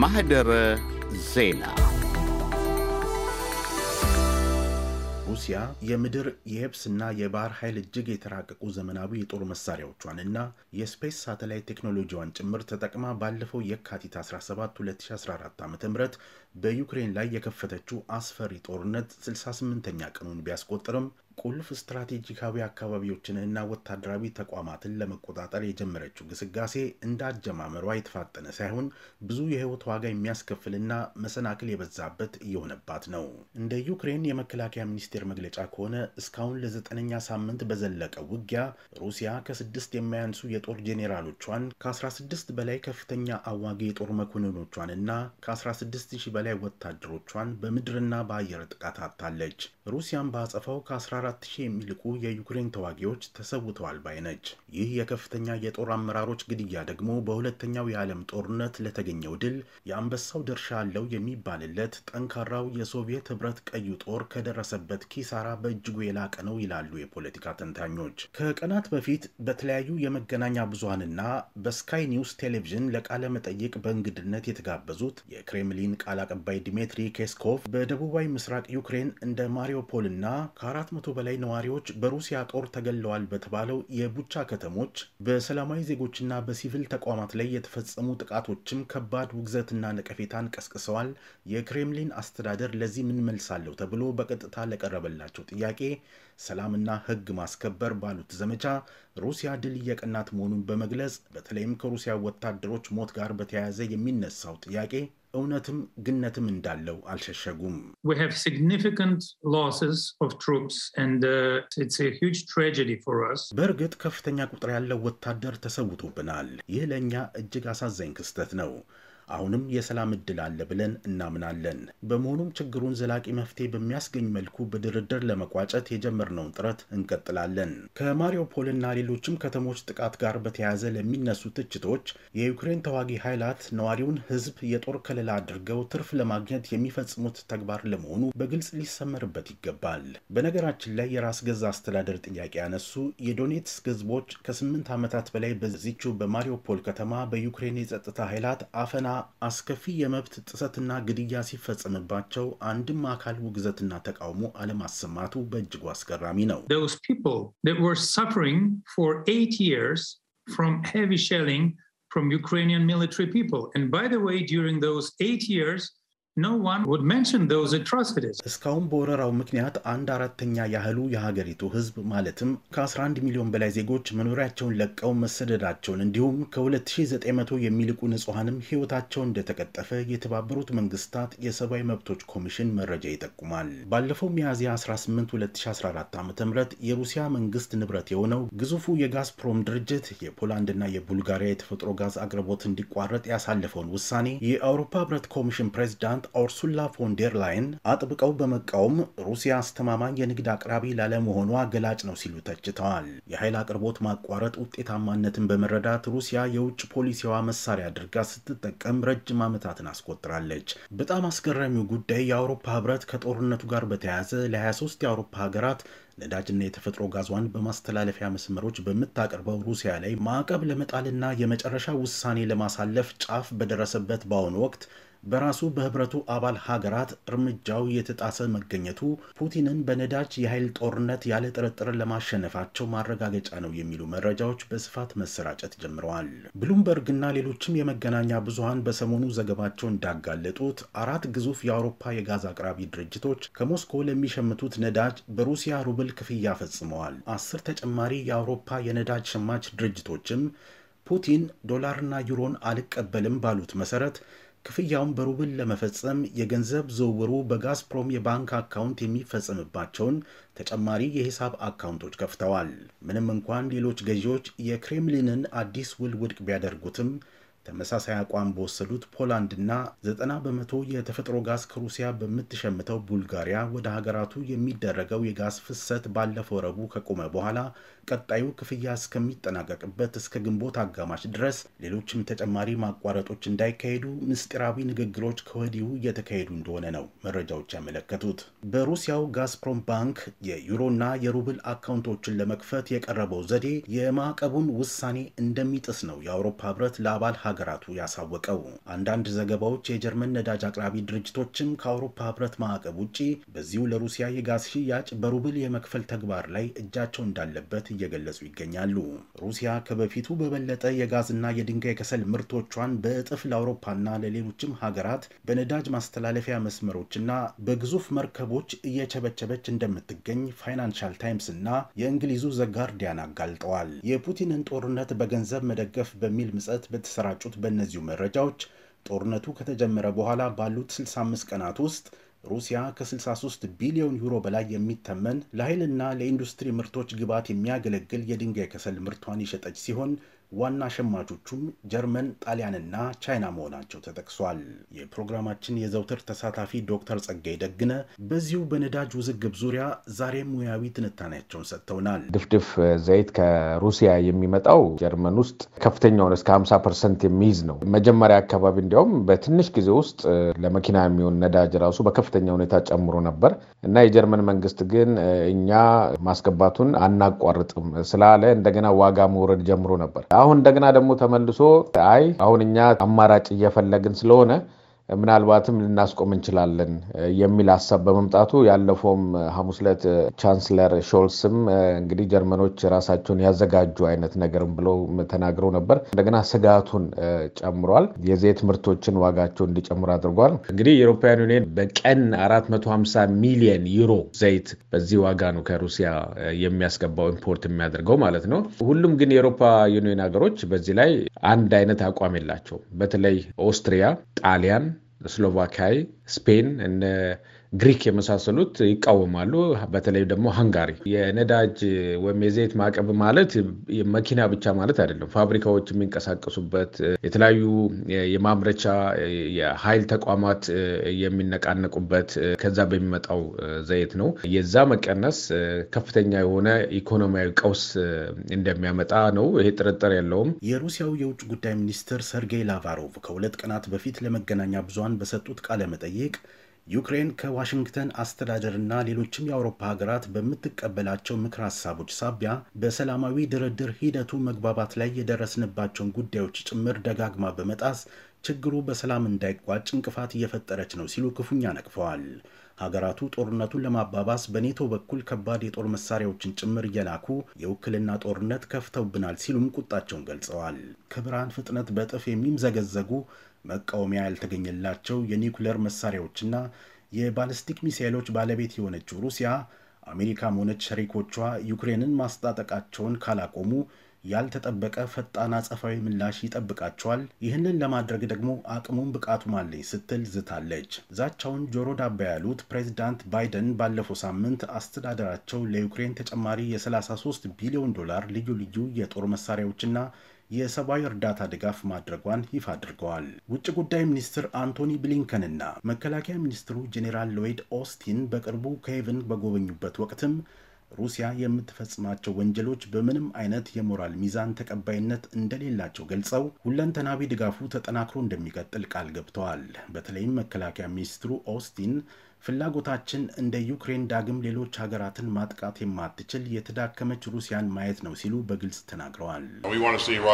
ማህደረ ዜና ሩሲያ የምድር የየብስና የባህር ኃይል እጅግ የተራቀቁ ዘመናዊ የጦር መሳሪያዎቿን እና የስፔስ ሳተላይት ቴክኖሎጂዋን ጭምር ተጠቅማ ባለፈው የካቲት 17 2014 ዓ ም በዩክሬን ላይ የከፈተችው አስፈሪ ጦርነት 68ኛ ቀኑን ቢያስቆጥርም ቁልፍ ስትራቴጂካዊ አካባቢዎችን እና ወታደራዊ ተቋማትን ለመቆጣጠር የጀመረችው ግስጋሴ እንደ አጀማመሯ የተፋጠነ ሳይሆን ብዙ የህይወት ዋጋ የሚያስከፍልና መሰናክል የበዛበት እየሆነባት ነው። እንደ ዩክሬን የመከላከያ ሚኒስቴር መግለጫ ከሆነ እስካሁን ለዘጠነኛ ሳምንት በዘለቀ ውጊያ ሩሲያ ከስድስት የማያንሱ የጦር ጄኔራሎቿን ከ16 በላይ ከፍተኛ አዋጊ የጦር መኮንኖቿን እና ከ16000 በላይ ወታደሮቿን በምድርና በአየር ጥቃት አታለች። ሩሲያን በአጸፋው ከ አራት ሺህ የሚልቁ የዩክሬን ተዋጊዎች ተሰውተዋል ባይ ነች። ይህ የከፍተኛ የጦር አመራሮች ግድያ ደግሞ በሁለተኛው የዓለም ጦርነት ለተገኘው ድል የአንበሳው ድርሻ አለው የሚባልለት ጠንካራው የሶቪየት ህብረት ቀዩ ጦር ከደረሰበት ኪሳራ በእጅጉ የላቀ ነው ይላሉ የፖለቲካ ተንታኞች። ከቀናት በፊት በተለያዩ የመገናኛ ብዙሀንና በስካይ ኒውስ ቴሌቪዥን ለቃለ መጠይቅ በእንግድነት የተጋበዙት የክሬምሊን ቃል አቀባይ ዲሜትሪ ፔስኮቭ በደቡባዊ ምስራቅ ዩክሬን እንደ ማሪዮፖልና ከአራት መቶ በላይ ነዋሪዎች በሩሲያ ጦር ተገለዋል በተባለው የቡቻ ከተሞች በሰላማዊ ዜጎችና በሲቪል ተቋማት ላይ የተፈጸሙ ጥቃቶችም ከባድ ውግዘትና ነቀፌታን ቀስቅሰዋል። የክሬምሊን አስተዳደር ለዚህ ምን አለው ተብሎ በቀጥታ ለቀረበላቸው ጥያቄ ሰላምና ሕግ ማስከበር ባሉት ዘመቻ ሩሲያ ድል እየቀናት መሆኑን በመግለጽ በተለይም ከሩሲያ ወታደሮች ሞት ጋር በተያያዘ የሚነሳው ጥያቄ እውነትም ግነትም እንዳለው አልሸሸጉም። uh, በእርግጥ ከፍተኛ ቁጥር ያለው ወታደር ተሰውቶብናል። ይህ ለእኛ እጅግ አሳዛኝ ክስተት ነው። አሁንም የሰላም እድል አለ ብለን እናምናለን። በመሆኑም ችግሩን ዘላቂ መፍትሄ በሚያስገኝ መልኩ በድርድር ለመቋጨት የጀመርነውን ጥረት እንቀጥላለን። ከማሪውፖልና ሌሎችም ከተሞች ጥቃት ጋር በተያያዘ ለሚነሱ ትችቶች የዩክሬን ተዋጊ ኃይላት ነዋሪውን ሕዝብ የጦር ከለላ አድርገው ትርፍ ለማግኘት የሚፈጽሙት ተግባር ለመሆኑ በግልጽ ሊሰመርበት ይገባል። በነገራችን ላይ የራስ ገዛ አስተዳደር ጥያቄ ያነሱ የዶኔትስክ ሕዝቦች ከስምንት ዓመታት በላይ በዚችው በማሪውፖል ከተማ በዩክሬን የጸጥታ ኃይላት አፈና አስከፊ የመብት ጥሰትና ግድያ ሲፈጸምባቸው አንድም አካል ውግዘትና ተቃውሞ አለማሰማቱ በእጅጉ አስገራሚ ነው። From Ukrainian military people. And by the way, during those eight years, እስካሁን በወረራው ምክንያት አንድ አራተኛ ያህሉ የሀገሪቱ ሕዝብ ማለትም ከ11 ሚሊዮን በላይ ዜጎች መኖሪያቸውን ለቀው መሰደዳቸውን እንዲሁም ከ2900 የሚልቁ ንጹሐንም ህይወታቸው እንደተቀጠፈ የተባበሩት መንግስታት የሰብአዊ መብቶች ኮሚሽን መረጃ ይጠቁማል። ባለፈው ሚያዝያ 18 2014 ዓ ም የሩሲያ መንግስት ንብረት የሆነው ግዙፉ የጋዝፕሮም ድርጅት የፖላንድና የቡልጋሪያ የተፈጥሮ ጋዝ አቅርቦት እንዲቋረጥ ያሳለፈውን ውሳኔ የአውሮፓ ህብረት ኮሚሽን ፕሬዚዳንት ፕሬዚዳንት ኦርሱላ ፎንዴር ላይን አጥብቀው በመቃወም ሩሲያ አስተማማኝ የንግድ አቅራቢ ላለመሆኗ ገላጭ ነው ሲሉ ተችተዋል። የኃይል አቅርቦት ማቋረጥ ውጤታማነትን በመረዳት ሩሲያ የውጭ ፖሊሲዋ መሳሪያ አድርጋ ስትጠቀም ረጅም ዓመታትን አስቆጥራለች። በጣም አስገራሚው ጉዳይ የአውሮፓ ህብረት ከጦርነቱ ጋር በተያያዘ ለ23 የአውሮፓ ሀገራት ነዳጅና የተፈጥሮ ጋዟን በማስተላለፊያ መስመሮች በምታቀርበው ሩሲያ ላይ ማዕቀብ ለመጣልና የመጨረሻ ውሳኔ ለማሳለፍ ጫፍ በደረሰበት በአሁኑ ወቅት በራሱ በህብረቱ አባል ሀገራት እርምጃው እየተጣሰ መገኘቱ ፑቲንን በነዳጅ የኃይል ጦርነት ያለ ጥርጥር ለማሸነፋቸው ማረጋገጫ ነው የሚሉ መረጃዎች በስፋት መሰራጨት ጀምረዋል። ብሉምበርግና ሌሎችም የመገናኛ ብዙሃን በሰሞኑ ዘገባቸው እንዳጋለጡት አራት ግዙፍ የአውሮፓ የጋዝ አቅራቢ ድርጅቶች ከሞስኮ ለሚሸምቱት ነዳጅ በሩሲያ ሩብል ክፍያ ፈጽመዋል። አስር ተጨማሪ የአውሮፓ የነዳጅ ሸማች ድርጅቶችም ፑቲን ዶላርና ዩሮን አልቀበልም ባሉት መሰረት ክፍያውን በሩብል ለመፈጸም የገንዘብ ዝውውሩ በጋዝፕሮም የባንክ አካውንት የሚፈጸምባቸውን ተጨማሪ የሂሳብ አካውንቶች ከፍተዋል። ምንም እንኳን ሌሎች ገዢዎች የክሬምሊንን አዲስ ውል ውድቅ ቢያደርጉትም ተመሳሳይ አቋም በወሰዱት ፖላንድና ዘጠና በመቶ የተፈጥሮ ጋዝ ከሩሲያ በምትሸምተው ቡልጋሪያ ወደ ሀገራቱ የሚደረገው የጋዝ ፍሰት ባለፈው ረቡዕ ከቆመ በኋላ ቀጣዩ ክፍያ እስከሚጠናቀቅበት እስከ ግንቦት አጋማሽ ድረስ ሌሎችም ተጨማሪ ማቋረጦች እንዳይካሄዱ ምስጢራዊ ንግግሮች ከወዲሁ እየተካሄዱ እንደሆነ ነው መረጃዎች ያመለከቱት። በሩሲያው ጋዝፕሮም ባንክ የዩሮና የሩብል አካውንቶችን ለመክፈት የቀረበው ዘዴ የማዕቀቡን ውሳኔ እንደሚጥስ ነው የአውሮፓ ህብረት ለአባል ሀገራቱ ያሳወቀው። አንዳንድ ዘገባዎች የጀርመን ነዳጅ አቅራቢ ድርጅቶችም ከአውሮፓ ህብረት ማዕቀብ ውጭ በዚሁ ለሩሲያ የጋዝ ሽያጭ በሩብል የመክፈል ተግባር ላይ እጃቸው እንዳለበት እየገለጹ ይገኛሉ። ሩሲያ ከበፊቱ በበለጠ የጋዝና የድንጋይ ከሰል ምርቶቿን በእጥፍ ለአውሮፓና ለሌሎችም ሀገራት በነዳጅ ማስተላለፊያ መስመሮችና በግዙፍ መርከቦች እየቸበቸበች እንደምትገኝ ፋይናንሻል ታይምስ እና የእንግሊዙ ዘጋርዲያን አጋልጠዋል። የፑቲንን ጦርነት በገንዘብ መደገፍ በሚል ምጸት በተሰራጩ በተሰራጩት በእነዚሁ መረጃዎች ጦርነቱ ከተጀመረ በኋላ ባሉት 65 ቀናት ውስጥ ሩሲያ ከ63 ቢሊዮን ዩሮ በላይ የሚተመን ለኃይልና ለኢንዱስትሪ ምርቶች ግብዓት የሚያገለግል የድንጋይ ከሰል ምርቷን የሸጠች ሲሆን ዋና ሸማቾቹም ጀርመን፣ ጣሊያንና ቻይና መሆናቸው ተጠቅሷል። የፕሮግራማችን የዘውትር ተሳታፊ ዶክተር ጸጋይ ደግነ በዚሁ በነዳጅ ውዝግብ ዙሪያ ዛሬ ሙያዊ ትንታኔያቸውን ሰጥተውናል። ድፍድፍ ዘይት ከሩሲያ የሚመጣው ጀርመን ውስጥ ከፍተኛውን እስከ 50 ፐርሰንት የሚይዝ ነው። መጀመሪያ አካባቢ እንዲያውም በትንሽ ጊዜ ውስጥ ለመኪና የሚሆን ነዳጅ ራሱ በከፍተኛ ሁኔታ ጨምሮ ነበር እና የጀርመን መንግስት ግን እኛ ማስገባቱን አናቋርጥም ስላለ እንደገና ዋጋ መውረድ ጀምሮ ነበር። አሁን እንደገና ደግሞ ተመልሶ አይ አሁን እኛ አማራጭ እየፈለግን ስለሆነ ምናልባትም ልናስቆም እንችላለን የሚል ሀሳብ በመምጣቱ ያለፈውም ሐሙስ ዕለት ቻንስለር ሾልስም እንግዲህ ጀርመኖች ራሳቸውን ያዘጋጁ አይነት ነገርም ብለው ተናግረው ነበር። እንደገና ስጋቱን ጨምሯል። የዘይት ምርቶችን ዋጋቸው እንዲጨምር አድርጓል። እንግዲህ የአውሮፓውያን ዩኒየን በቀን 450 ሚሊየን ዩሮ ዘይት በዚህ ዋጋ ነው ከሩሲያ የሚያስገባው ኢምፖርት የሚያደርገው ማለት ነው። ሁሉም ግን የአውሮፓ ዩኒየን ሀገሮች በዚህ ላይ አንድ አይነት አቋም የላቸውም። በተለይ ኦስትሪያ፣ ጣሊያን Slovakia, Spain, and uh, ግሪክ የመሳሰሉት ይቃወማሉ። በተለይ ደግሞ ሃንጋሪ የነዳጅ ወይም የዘይት ማዕቀብ ማለት መኪና ብቻ ማለት አይደለም። ፋብሪካዎች የሚንቀሳቀሱበት የተለያዩ የማምረቻ የኃይል ተቋማት የሚነቃነቁበት ከዛ በሚመጣው ዘይት ነው። የዛ መቀነስ ከፍተኛ የሆነ ኢኮኖሚያዊ ቀውስ እንደሚያመጣ ነው። ይሄ ጥርጥር የለውም። የሩሲያው የውጭ ጉዳይ ሚኒስትር ሰርጌይ ላቫሮቭ ከሁለት ቀናት በፊት ለመገናኛ ብዙሃን በሰጡት ቃለ መጠይቅ ዩክሬን ከዋሽንግተን አስተዳደርና ሌሎችም የአውሮፓ ሀገራት በምትቀበላቸው ምክር ሀሳቦች ሳቢያ በሰላማዊ ድርድር ሂደቱ መግባባት ላይ የደረስንባቸውን ጉዳዮች ጭምር ደጋግማ በመጣስ ችግሩ በሰላም እንዳይቋጭ እንቅፋት እየፈጠረች ነው ሲሉ ክፉኛ ነቅፈዋል። ሀገራቱ ጦርነቱን ለማባባስ በኔቶ በኩል ከባድ የጦር መሳሪያዎችን ጭምር እየላኩ የውክልና ጦርነት ከፍተውብናል ሲሉም ቁጣቸውን ገልጸዋል። ከብርሃን ፍጥነት በእጥፍ የሚምዘገዘጉ መቃወሚያ ያልተገኘላቸው የኒውክለር መሳሪያዎችና የባለስቲክ ሚሳይሎች ባለቤት የሆነችው ሩሲያ አሜሪካም ሆነች ሸሪኮቿ ዩክሬንን ማስታጠቃቸውን ካላቆሙ ያልተጠበቀ ፈጣን አጸፋዊ ምላሽ ይጠብቃቸዋል። ይህንን ለማድረግ ደግሞ አቅሙን ብቃቱም አለኝ ስትል ዝታለች። ዛቻውን ጆሮ ዳባ ያሉት ፕሬዚዳንት ባይደን ባለፈው ሳምንት አስተዳደራቸው ለዩክሬን ተጨማሪ የ33 ቢሊዮን ዶላር ልዩ ልዩ የጦር መሳሪያዎችና የሰብአዊ እርዳታ ድጋፍ ማድረጓን ይፋ አድርገዋል። ውጭ ጉዳይ ሚኒስትር አንቶኒ ብሊንከንና መከላከያ ሚኒስትሩ ጄኔራል ሎይድ ኦስቲን በቅርቡ ኬቭን በጎበኙበት ወቅትም ሩሲያ የምትፈጽማቸው ወንጀሎች በምንም አይነት የሞራል ሚዛን ተቀባይነት እንደሌላቸው ገልጸው ሁለንተናዊ ድጋፉ ተጠናክሮ እንደሚቀጥል ቃል ገብተዋል። በተለይም መከላከያ ሚኒስትሩ ኦስቲን ፍላጎታችን እንደ ዩክሬን ዳግም ሌሎች ሀገራትን ማጥቃት የማትችል የተዳከመች ሩሲያን ማየት ነው ሲሉ በግልጽ ተናግረዋል። uh,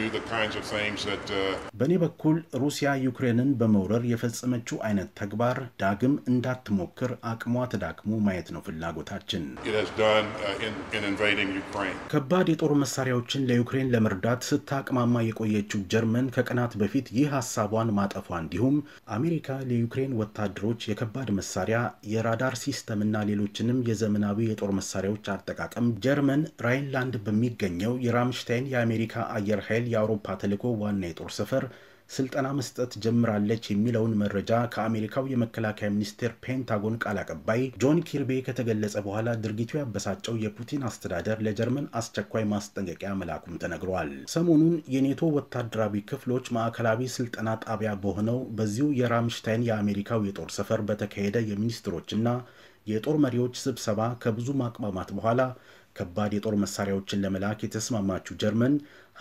uh, uh, በእኔ በኩል ሩሲያ ዩክሬንን በመውረር የፈጸመችው አይነት ተግባር ዳግም እንዳትሞክር አቅሟ ተዳክሞ ማየት ነው ፍላጎታችን። ከባድ የጦር መሳሪያዎችን ለዩክሬን ለመርዳት ስታቅማማ የቆየችው ጀርመን ከቀናት በፊት ይህ ሀሳቧን ማጠፏ እንዲሁም አሜሪካ ለዩክሬን ወታደሮች የከባድ መሳሪያ የራዳር ሲስተምና ሌሎችንም የዘመናዊ የጦር መሳሪያዎች አጠቃቀም ጀርመን ራይንላንድ በሚገኘው የራምሽታይን የአሜሪካ አየር ኃይል የአውሮፓ ተልዕኮ ዋና የጦር ሰፈር ስልጠና መስጠት ጀምራለች የሚለውን መረጃ ከአሜሪካው የመከላከያ ሚኒስቴር ፔንታጎን ቃል አቀባይ ጆን ኪርቤ ከተገለጸ በኋላ ድርጊቱ ያበሳጨው የፑቲን አስተዳደር ለጀርመን አስቸኳይ ማስጠንቀቂያ መላኩም ተነግሯል። ሰሞኑን የኔቶ ወታደራዊ ክፍሎች ማዕከላዊ ስልጠና ጣቢያ በሆነው በዚሁ የራምሽታይን የአሜሪካው የጦር ሰፈር በተካሄደ የሚኒስትሮችና የጦር መሪዎች ስብሰባ ከብዙ ማቅማማት በኋላ ከባድ የጦር መሳሪያዎችን ለመላክ የተስማማችው ጀርመን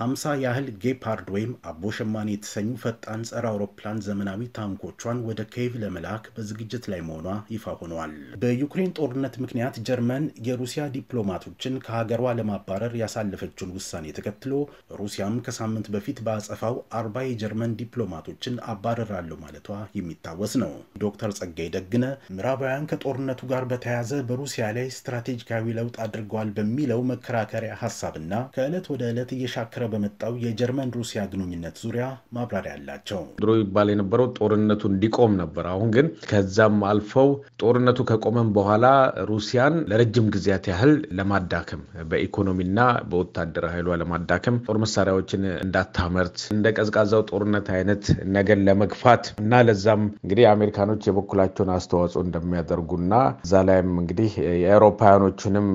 50 ያህል ጌፓርድ ወይም አቦ ሸማኔ የተሰኙ ፈጣን ጸረ አውሮፕላን ዘመናዊ ታንኮቿን ወደ ኬቭ ለመላክ በዝግጅት ላይ መሆኗ ይፋ ሆነዋል። በዩክሬን ጦርነት ምክንያት ጀርመን የሩሲያ ዲፕሎማቶችን ከሀገሯ ለማባረር ያሳለፈችውን ውሳኔ ተከትሎ ሩሲያም ከሳምንት በፊት በአጸፋው አርባ የጀርመን ዲፕሎማቶችን አባረራለሁ ማለቷ የሚታወስ ነው። ዶክተር ጸጋይ ደግነ ምዕራባውያን ከጦርነቱ ጋር በተያያዘ በሩሲያ ላይ ስትራቴጂካዊ ለውጥ አድርገዋል በሚለው መከራከሪያ ሀሳብና ከዕለት ወደ ዕለት እየሻከረ በመጣው የጀርመን ሩሲያ ግንኙነት ዙሪያ ማብራሪያ አላቸው። ድሮ ይባል የነበረው ጦርነቱ እንዲቆም ነበር። አሁን ግን ከዛም አልፈው ጦርነቱ ከቆመም በኋላ ሩሲያን ለረጅም ጊዜያት ያህል ለማዳከም በኢኮኖሚና በወታደራዊ ኃይሏ ለማዳከም ጦር መሳሪያዎችን እንዳታመርት እንደ ቀዝቃዛው ጦርነት አይነት ነገር ለመግፋት እና ለዛም እንግዲህ አሜሪካኖች የበኩላቸውን አስተዋጽኦ እንደሚያደርጉና እዛ ላይም እንግዲህ የአውሮፓውያኖችንም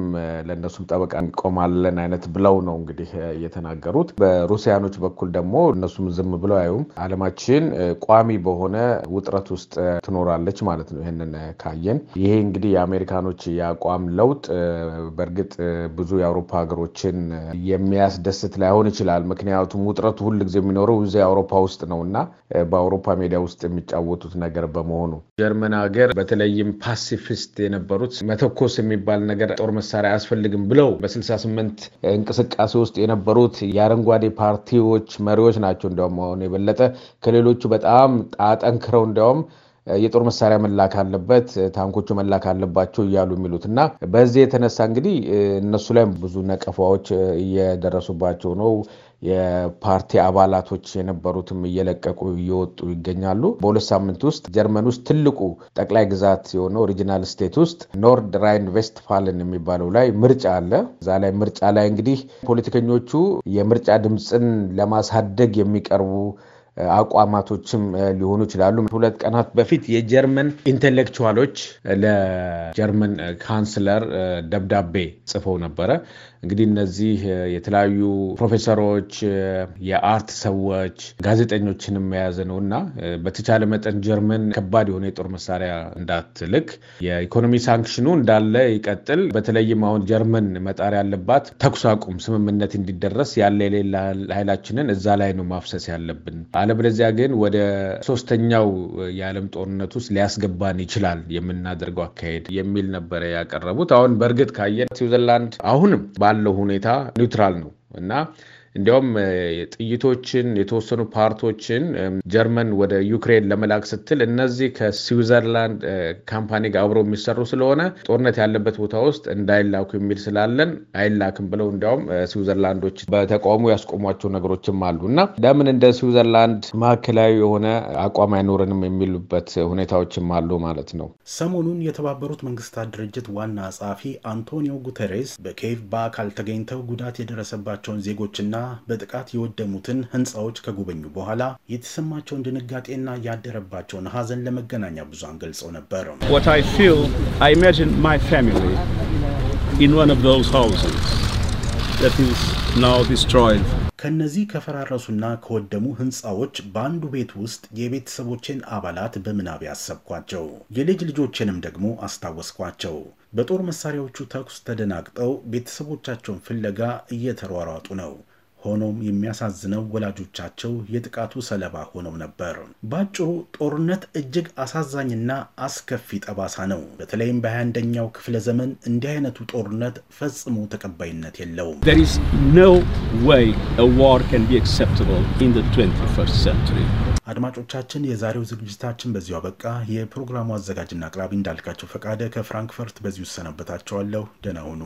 ለእነሱም ጠበቃ እንቆማለን አይነት ብለው ነው እንግዲህ እየተናገሩ የሚሰሩት። በሩሲያኖች በኩል ደግሞ እነሱም ዝም ብለው አዩም። አለማችን ቋሚ በሆነ ውጥረት ውስጥ ትኖራለች ማለት ነው። ይህንን ካየን ይሄ እንግዲህ የአሜሪካኖች የአቋም ለውጥ በእርግጥ ብዙ የአውሮፓ ሀገሮችን የሚያስደስት ላይሆን ይችላል። ምክንያቱም ውጥረቱ ሁል ጊዜ የሚኖረው እዚ አውሮፓ ውስጥ ነው እና በአውሮፓ ሜዲያ ውስጥ የሚጫወቱት ነገር በመሆኑ ጀርመን ሀገር በተለይም ፓሲፊስት የነበሩት መተኮስ የሚባል ነገር ጦር መሳሪያ አያስፈልግም ብለው በ68 እንቅስቃሴ ውስጥ የነበሩት የአረንጓዴ ፓርቲዎች መሪዎች ናቸው። እንዲያውም አሁን የበለጠ ከሌሎቹ በጣም አጠንክረው እንዲያውም የጦር መሳሪያ መላክ አለበት፣ ታንኮቹ መላክ አለባቸው እያሉ የሚሉት እና በዚህ የተነሳ እንግዲህ እነሱ ላይ ብዙ ነቀፋዎች እየደረሱባቸው ነው። የፓርቲ አባላቶች የነበሩትም እየለቀቁ እየወጡ ይገኛሉ። በሁለት ሳምንት ውስጥ ጀርመን ውስጥ ትልቁ ጠቅላይ ግዛት የሆነው ኦሪጂናል ስቴት ውስጥ ኖርድ ራይን ቬስትፋልን የሚባለው ላይ ምርጫ አለ። እዛ ላይ ምርጫ ላይ እንግዲህ ፖለቲከኞቹ የምርጫ ድምፅን ለማሳደግ የሚቀርቡ አቋማቶችም ሊሆኑ ይችላሉ። ሁለት ቀናት በፊት የጀርመን ኢንቴሌክቹዋሎች ለጀርመን ካንስለር ደብዳቤ ጽፈው ነበረ። እንግዲህ እነዚህ የተለያዩ ፕሮፌሰሮች፣ የአርት ሰዎች፣ ጋዜጠኞችንም የያዘ ነው እና በተቻለ መጠን ጀርመን ከባድ የሆነ የጦር መሳሪያ እንዳትልክ፣ የኢኮኖሚ ሳንክሽኑ እንዳለ ይቀጥል። በተለይም አሁን ጀርመን መጣር ያለባት ተኩስ አቁም ስምምነት እንዲደረስ ያለ የሌለ ኃይላችንን እዛ ላይ ነው ማፍሰስ ያለብን አለበለዚያ ግን ወደ ሶስተኛው የዓለም ጦርነት ውስጥ ሊያስገባን ይችላል የምናደርገው አካሄድ የሚል ነበረ ያቀረቡት። አሁን በእርግጥ ካየን ስዊዘርላንድ አሁንም ባለው ሁኔታ ኒውትራል ነው እና እንዲያውም ጥይቶችን የተወሰኑ ፓርቶችን ጀርመን ወደ ዩክሬን ለመላክ ስትል እነዚህ ከስዊዘርላንድ ካምፓኒ ጋር አብረው የሚሰሩ ስለሆነ ጦርነት ያለበት ቦታ ውስጥ እንዳይላኩ የሚል ስላለን አይላክም ብለው እንዲያውም ስዊዘርላንዶች በተቃውሞ ያስቆሟቸው ነገሮችም አሉ እና ለምን እንደ ስዊዘርላንድ ማዕከላዊ የሆነ አቋም አይኖረንም የሚሉበት ሁኔታዎችም አሉ ማለት ነው። ሰሞኑን የተባበሩት መንግስታት ድርጅት ዋና ጸሐፊ አንቶኒዮ ጉተሬስ በኬቭ በአካል ተገኝተው ጉዳት የደረሰባቸውን ዜጎችና በጥቃት የወደሙትን ህንፃዎች ከጎበኙ በኋላ የተሰማቸውን ድንጋጤና ያደረባቸውን ሀዘን ለመገናኛ ብዙሃን ገልጸው ነበር። ከነዚህ ከፈራረሱና ከወደሙ ህንፃዎች በአንዱ ቤት ውስጥ የቤተሰቦቼን አባላት በምናብ ያሰብኳቸው፣ የልጅ ልጆቼንም ደግሞ አስታወስኳቸው። በጦር መሳሪያዎቹ ተኩስ ተደናግጠው ቤተሰቦቻቸውን ፍለጋ እየተሯሯጡ ነው። ሆኖም የሚያሳዝነው ወላጆቻቸው የጥቃቱ ሰለባ ሆነው ነበር። በአጭሩ ጦርነት እጅግ አሳዛኝና አስከፊ ጠባሳ ነው። በተለይም በ21ኛው ክፍለ ዘመን እንዲህ አይነቱ ጦርነት ፈጽሞ ተቀባይነት የለውም። አድማጮቻችን፣ የዛሬው ዝግጅታችን በዚሁ አበቃ። የፕሮግራሙ አዘጋጅና አቅራቢ እንዳልካቸው ፈቃደ ከፍራንክፈርት በዚሁ እሰናበታቸዋለሁ። ደህና ሁኑ።